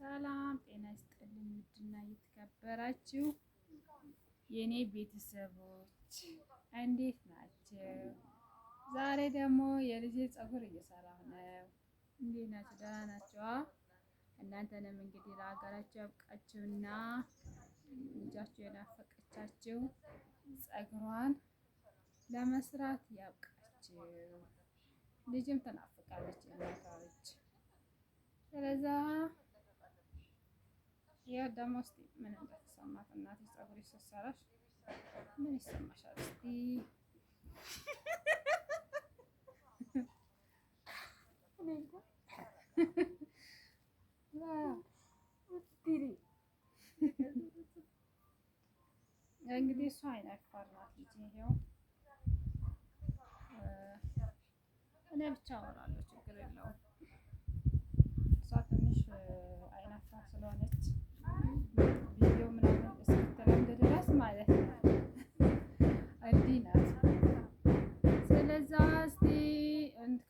ሰላም ጤና ይስጥልኝ። ውድና የተከበራችሁ የእኔ ቤተሰቦች እንዴት ናቸው? ዛሬ ደግሞ የልጄ ፀጉር እየሰራሁ ነው። እንዴት ናቸው? ደህና ናቸዋ? እናንተንም እንግዲህ ለሀገራችሁ ያብቃችሁና ልጃችሁ የናፈቀቻችሁ ፀጉሯን ለመስራት ያብቃችሁ። ልጅም ተናፍቃለች እናቷ። ስለዛ ያ ደግሞ እስቲ ምን እንደተሰማት እናቴ ፀጉሬ ስትሰራሽ ምን ይሰማሻል? እስቲ እንግዲህ እሱ አይነ አፋርናት ልጅ ይሄው እኔ ብቻ አወራለሁ።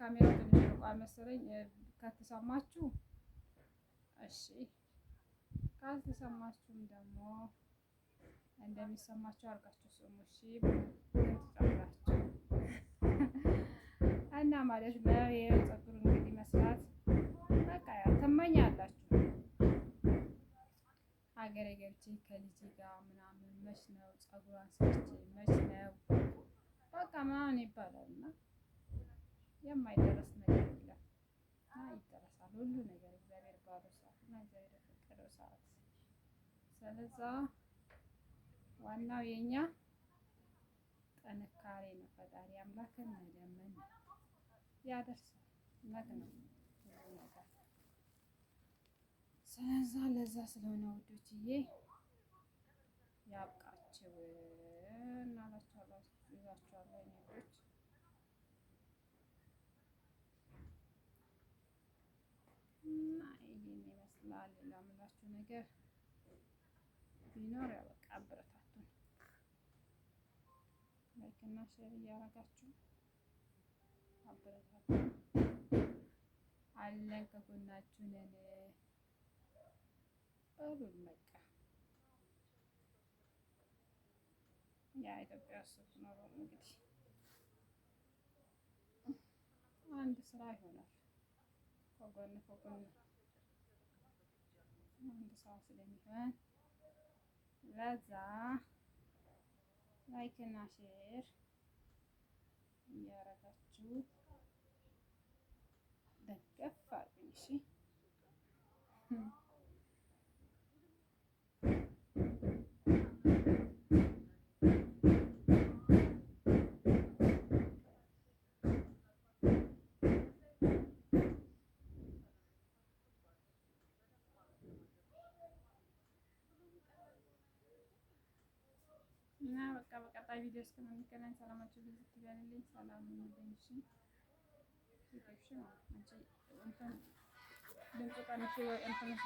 ካሜራ ትንሽ ርቋል መሰለኝ። ከተሰማችሁ እሺ፣ ካልተሰማችሁም ደግሞ እንደሚሰማችሁ አድርጋችሁ ስሙ። እሺ፣ ትጨምራችሁ እና ማለት ነው። የጸጉሩ እንግዲህ መስራት በቃ ትመኛላችሁ። ሀገሬ ገብቼ ከልጅ ጋር ምናምን መች ነው ጸጉሯን ሰርቼ መች ነው በቃ ምናምን ይባላል እና የማይደረስ ነገር የለም እና ይደረሳል ሁሉ ነገር እግዚአብሔር ባለው ሰዓት እና እግዚአብሔር በፈቀደው ሰዓት። ስለዛ ዋናው የኛ ጥንካሬ ነው። ፈጣሪ አምላክን መለመን ያደርሳል እውነት ነው ሁሉ ነገር። ስለዛ ለዛ ስለሆነ ውዶችዬ ያብቃችሁ እናላችኋለሁ ይዛችኋለሁ ወዶች አልሐምዱሊላ የምላችሁ ነገር ቢኖር ያው በቃ አበረታቱን። ላይክ እና ሼር እያረጋችሁ አበረታቱን። አለን ከጎናችሁ ነን እሉን። በቃ ያ ኢትዮጵያ ውስጥ ኖሮ እንግዲህ አንድ ስራ ይሆናል ከጎን ከጎን ሰው ስለሚሆን ለዛ ላይክ እና ሼር እያረጋችሁ እና በቃ በቀጣይ ቪዲዮ እስከምንገናኝ ሰላማችሁ ብዙ ይበልልኝ። ሰላም ይበልሽ። ይበልሽ አንቺ እንትን ድምፅ ቀንሽ ወይ እንትን